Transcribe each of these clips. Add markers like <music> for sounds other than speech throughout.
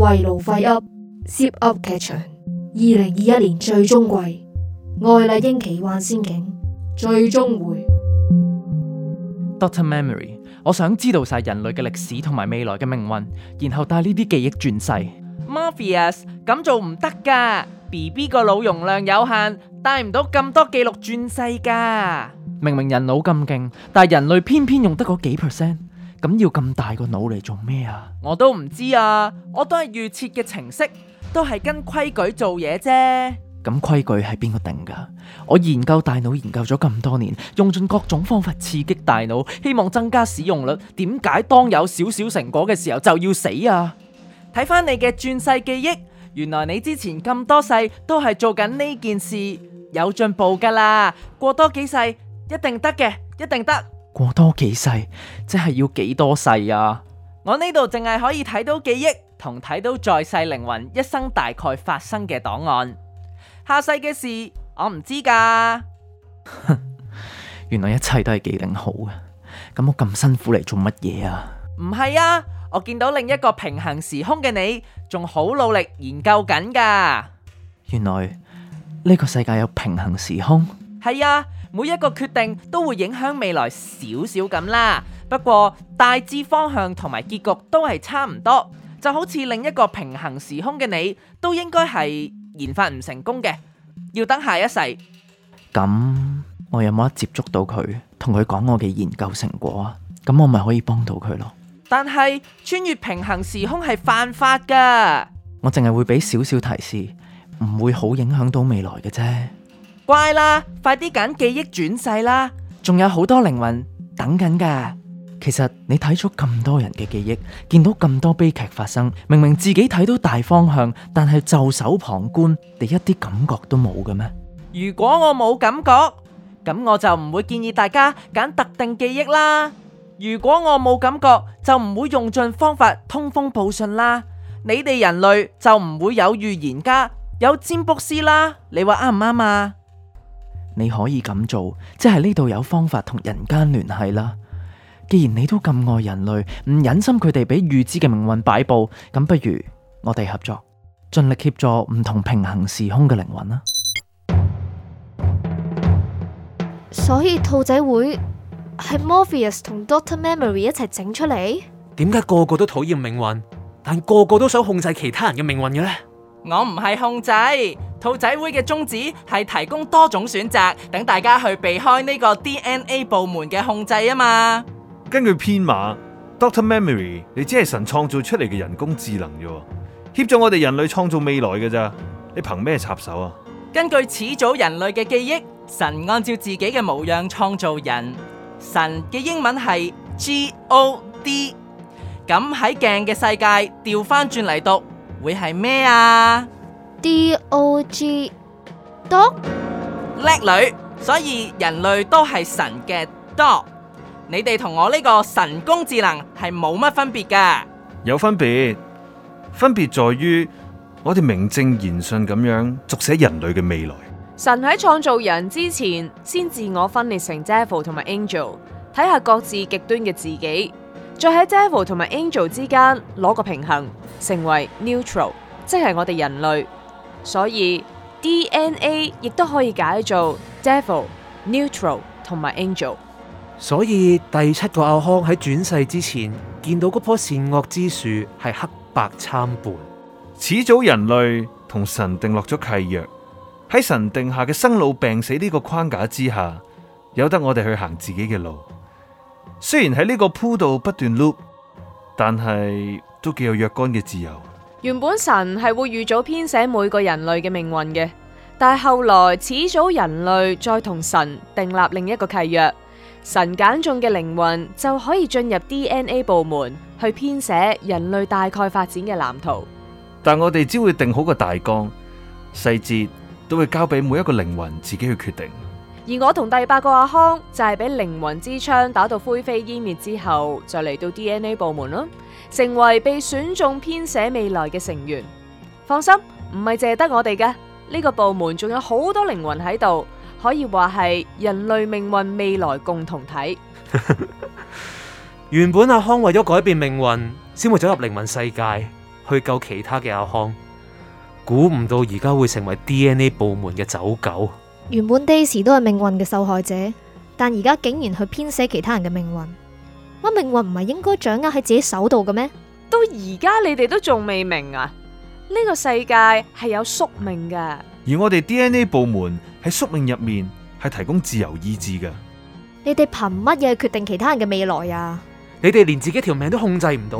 遺路廢泣，Zip 噏劇場，二零二一年最終季，愛麗英奇幻仙境最終回。Doctor Memory，我想知道晒人類嘅歷史同埋未來嘅命運，然後帶呢啲記憶轉世。Marius，咁做唔得㗎，B B 個腦容量有限，帶唔到咁多記錄轉世㗎。明明人腦咁勁，但係人類偏偏用得嗰幾 percent。咁要咁大個腦嚟做咩啊？我都唔知啊，我都係預設嘅程式，都係跟規矩做嘢啫。咁規矩係邊個定噶？我研究大腦研究咗咁多年，用盡各種方法刺激大腦，希望增加使用率。點解當有少少成果嘅時候就要死啊？睇翻你嘅轉世記憶，原來你之前咁多世都係做緊呢件事，有進步噶啦。過多幾世，一定得嘅，一定得。過多幾世，即係要幾多世啊？我呢度淨係可以睇到記憶，同睇到在世靈魂一生大概發生嘅檔案，下世嘅事我唔知噶。 <laughs> 原來一切都係既定好嘅，咁我咁辛苦嚟做乜嘢啊？唔係啊，我見到另一個平行時空嘅你，仲好努力研究緊噶。原來呢個世界有平行時空。係啊。每一個決定都會影響未來少少咁啦，不過大致方向同埋結局都係差唔多，就好似另一個平行時空嘅你，都應該係研發唔成功嘅，要等下一世。咁我有冇一接觸到佢，同佢講我嘅研究成果啊？咁我咪可以幫到佢咯？但係穿越平行時空係犯法噶，我淨係會俾少少提示，唔會好影響到未來嘅啫。乖啦，快啲揀記憶轉世啦！仲有好多靈魂等緊㗎。其實你睇咗咁多人嘅記憶，見到咁多悲劇發生，明明自己睇到大方向，但係袖手旁觀，你一啲感覺都冇嘅咩？如果我冇感覺，咁我就唔會建議大家揀特定記憶啦。如果我冇感覺，就唔會用盡方法通風報信啦。你哋人類就唔會有預言家，有占卜師啦。你話啱唔啱啊？你可以咁做，即係呢度有方法同人間聯繫啦。既然你都咁愛人類，唔忍心佢哋俾預知嘅命運擺布，咁不如我哋合作，盡力協助唔同平行時空嘅靈魂啦。所以兔仔會係 Morpheus 同 Doctor Memory 一齊整出嚟？點解個個都討厭命運，但個個都想控制其他人嘅命運嘅呢？我唔係控制，兔仔會嘅宗旨係提供多種選擇，等大家去避開呢個 DNA 部門嘅控制啊嘛。根據編碼，Doctor Memory，你只係神創造出嚟嘅人工智能啫，協助我哋人類創造未來嘅咋？你憑咩插手啊？根據始祖人類嘅記憶，神按照自己嘅模樣創造人。神嘅英文係 God。咁喺鏡嘅世界調翻轉嚟讀。會係咩啊？D O G，dog，叻女，所以人類都係神嘅 dog。你哋同我呢個神功智能係冇乜分別嘅。有分別，分別在於我哋名正言順咁樣續寫人類嘅未來。神喺創造人之前，先自我分裂成 devil 同埋 angel，睇下各自極端嘅自己。再喺 devil 同埋 angel 之間攞個平衡，成為 neutral，即係我哋人類。所以 DNA 亦都可以解做 devil、neutral 同埋 angel。所以第七個阿康喺轉世之前見到嗰棵善惡之樹係黑白參半。始祖人類同神定落咗契約，喺神定下嘅生老病死呢個框架之下，有得我哋去行自己嘅路。雖然喺呢個鋪度不斷碌，但係都幾有若干嘅自由。原本神係會預早編寫每個人類嘅命運嘅，但係後來始祖人類再同神訂立另一個契約，神揀中嘅靈魂就可以進入 DNA 部門去編寫人類大概發展嘅藍圖。但我哋只會定好個大綱，細節都會交俾每一個靈魂自己去決定。而我同第八個阿康就係俾靈魂之槍打到灰飛煙滅之後，就嚟到 DNA 部門啦，成為被選中編寫未來嘅成員。放心，唔係淨係得我哋嘅呢個部門，仲有好多靈魂喺度，可以話係人類命運未來共同體。原本阿康為咗改變命運，先會走入靈魂世界去救其他嘅阿康，估唔到而家會成為 DNA 部門嘅走狗。原本 Daisy 都係命運嘅受害者，但而家竟然去編寫其他人嘅命運。乜命運唔係應該掌握喺自己手度嘅咩？到而家你哋都仲未明啊？呢個世界係有宿命嘅，而我哋 DNA 部門喺宿命入面係提供自由意志嘅。你哋憑乜嘢決定其他人嘅未來啊？你哋連自己條命都控制唔到，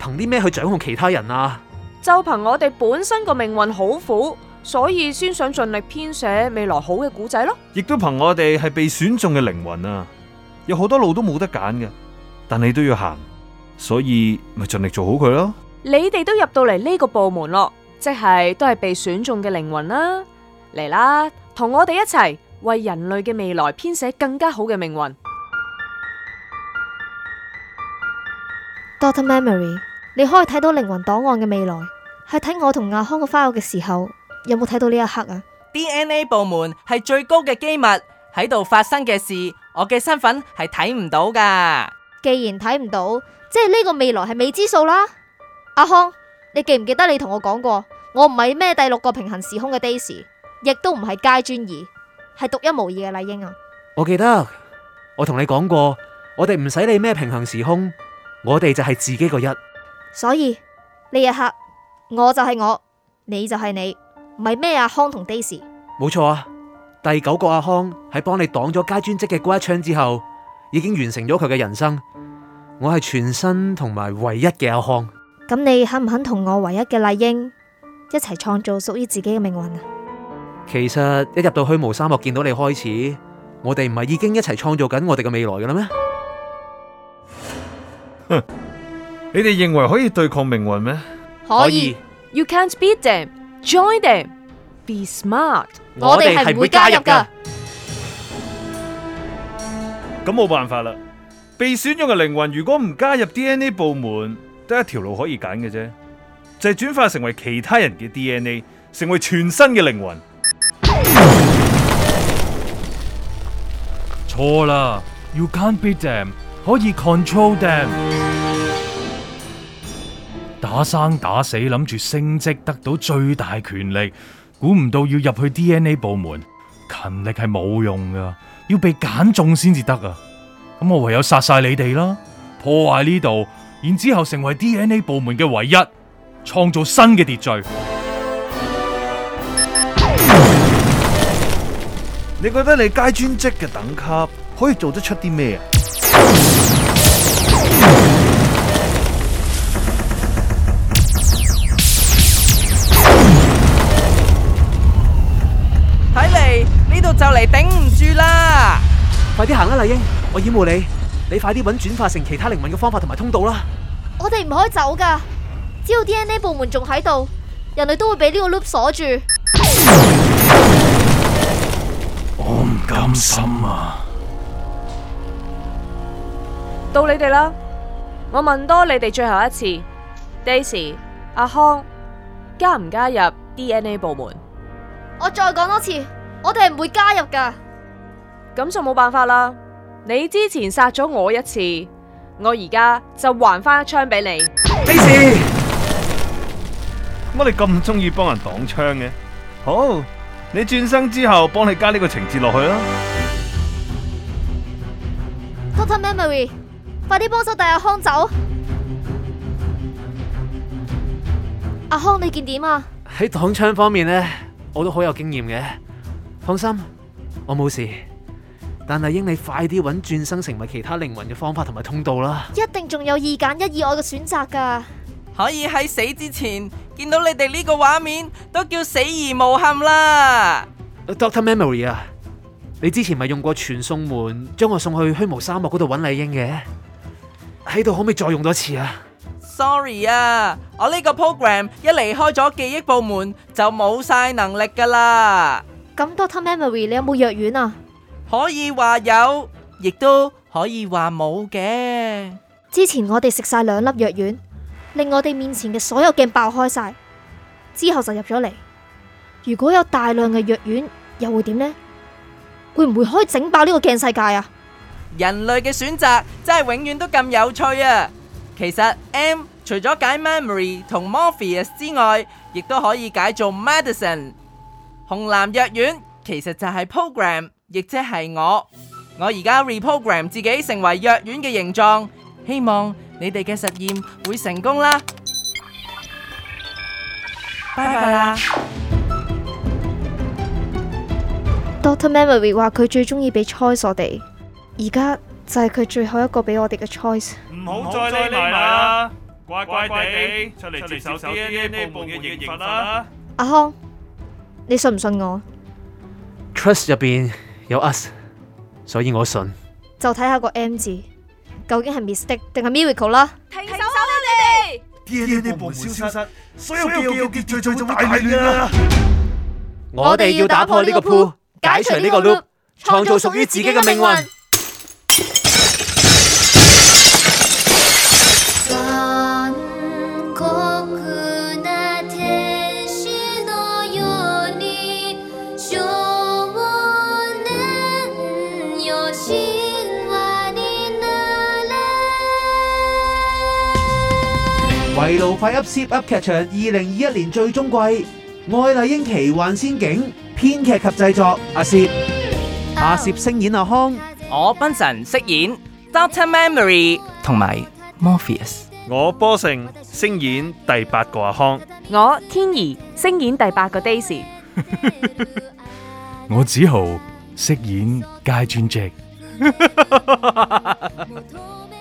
憑啲咩去掌控其他人啊？就憑我哋本身個命運好苦。所以先想盡力編寫未來好嘅古仔咯，亦都憑我哋係被選中嘅靈魂啊！有好多路都冇得揀嘅，但你都要行，所以咪盡力做好佢咯。你哋都入到嚟呢個部門咯，即係都係被選中嘅靈魂啦！嚟啦，同我哋一齊為人類嘅未來編寫更加好嘅命運。Doctor Memory，你可以睇到靈魂檔案嘅未來，係睇我同亞康嘅花 i 嘅時候。有冇睇到呢一刻啊？DNA 部門係最高嘅機密，喺度發生嘅事，我嘅身份係睇唔到噶。既然睇唔到，即係呢個未來係未知數啦。阿匡，你記唔記得你同我講過，我唔係咩第六個平衡時空嘅 Daisy，亦都唔係皆專二，係獨一無二嘅麗英啊。我記得我同你講過，我哋唔使理咩平衡時空，我哋就係自己個一。所以呢一刻，我就係我，你就係你。咪咩阿康同 Daisy？冇錯啊！第九個阿康喺幫你擋咗階專職嘅嗰一槍之後，已經完成咗佢嘅人生。我係全身同埋唯一嘅阿康。咁你肯唔肯同我唯一嘅麗英一齊創造屬於自己嘅命運啊？其實一入到虛無沙漠見到你開始，我哋唔係已經一齊創造緊我哋嘅未來嘅啦咩？你哋認為可以對抗命運咩？可以。You can't beat them。Join them, be smart。我哋係唔會加入噶。咁冇辦法啦。被選用嘅靈魂如果唔加入 DNA 部門，得一條路可以揀嘅啫，就係、是、轉化成為其他人嘅 DNA，成為全新嘅靈魂。錯啦，You can't beat them，可以 control them。打生打死諗住升職得到最大權力，估唔到要入去 DNA 部門勤力係冇用噶，要被揀中先至得啊！咁我唯有殺晒你哋啦，破壞呢度，然之後成為 DNA 部門嘅唯一，創造新嘅秩序。你覺得你階專職嘅等級可以做得出啲咩啊？快啲行啦，麗英！我掩護你，你快啲搵轉化成其他靈魂嘅方法同埋通道啦！我哋唔可以走噶，只要 DNA 部門仲喺度，人類都會畀呢個 loop 鎖住。我唔甘心啊！到你哋啦，我問多你哋最後一次，Daisy、阿康，加唔加入 DNA 部門？我再講多次，我哋係唔會加入噶。咁就冇辦法啦！你之前殺咗我一次，我而家就還翻一槍俾你。咩事？乜你咁中意幫人擋槍嘅？好，你轉身之後，幫你加呢個情節落去啦。Total Memory，快啲幫手帶阿康走。阿康，你見點啊？喺擋槍方面咧，我都好有經驗嘅。放心，我冇事。但係英，你快啲揾轉生成為其他靈魂嘅方法同埋通道啦！一定仲有二揀一以外嘅選擇噶，可以喺死之前見到你哋呢個畫面，都叫死而無憾啦。Doctor Memory 啊，你之前咪用過傳送門將我送去虛無沙漠嗰度揾麗英嘅，喺度可唔可以再用多次啊？Sorry 啊，我呢個 program 一離開咗記憶部門就冇晒能力噶啦。咁 Doctor Memory，你有冇藥丸啊？可以話有，亦都可以話冇嘅。之前我哋食晒兩粒藥丸，令我哋面前嘅所有鏡爆開晒，之後就入咗嚟。如果有大量嘅藥丸，又會點呢？會唔會可以整爆呢個鏡世界啊？人類嘅選擇真係永遠都咁有趣啊！其實 M 除咗解 Memory 同 Morpheus 之外，亦都可以解做 Medicine。紅藍藥丸其實就係 Program。亦即係我，我而家 reprogram 自己成為藥丸嘅形狀，希望你哋嘅實驗會成功啦。拜拜啦。Doctor Memory 話佢最中意俾 choice 我哋，而家就係佢最後一個俾我哋嘅 choice。唔好再匿埋啦，乖乖地出嚟接受 DNA 部門嘅刑罰啦。阿匡，你信唔信我？Trust 入邊。有 us，所以我信。就睇下個 M 字究竟係 mistake 定係 miracle 啦。停手啦、啊、你哋！DNA 部門消失，所有資料結聚，最終大大亂啦！我哋要打破呢個，個 loop，個解除呢個 loop，創造屬於自己嘅命運。《迷路快噏》up《Zip 噏劇場》二零二一年最終季《愛麗英奇幻仙境》，編劇及製作阿 Zip 阿 Zip s,、oh. 阿 Zip 聲演阿康，我賓臣飾演 Doctor Memory，同埋 Morpheus，我波成聲演第八個阿康，我天怡聲演第八個 Daisy， <laughs> 我子豪飾演佳鑽石。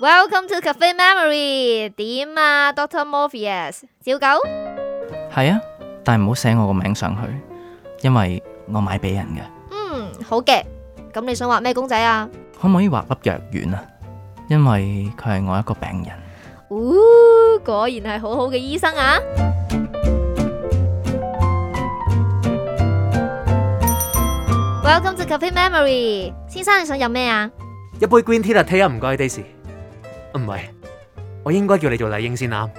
Welcome to Cafe Memory。點啊？Doctor Morpheus，小狗？係啊，但係唔好寫我個名上去，因為我買俾人嘅。嗯，好嘅。咁你想畫咩公仔啊？可唔可以畫粒藥丸啊？因為佢係我一個病人。嗚，果然係好好嘅醫生啊！Welcome to Cafe Memory。先生你想飲咩啊？一杯 Green Tea 啊，唔該，Daisy。唔係，我應該叫你做麗英先啱。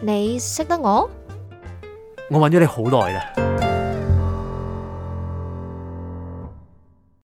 你識得我？我揾咗你好耐喇。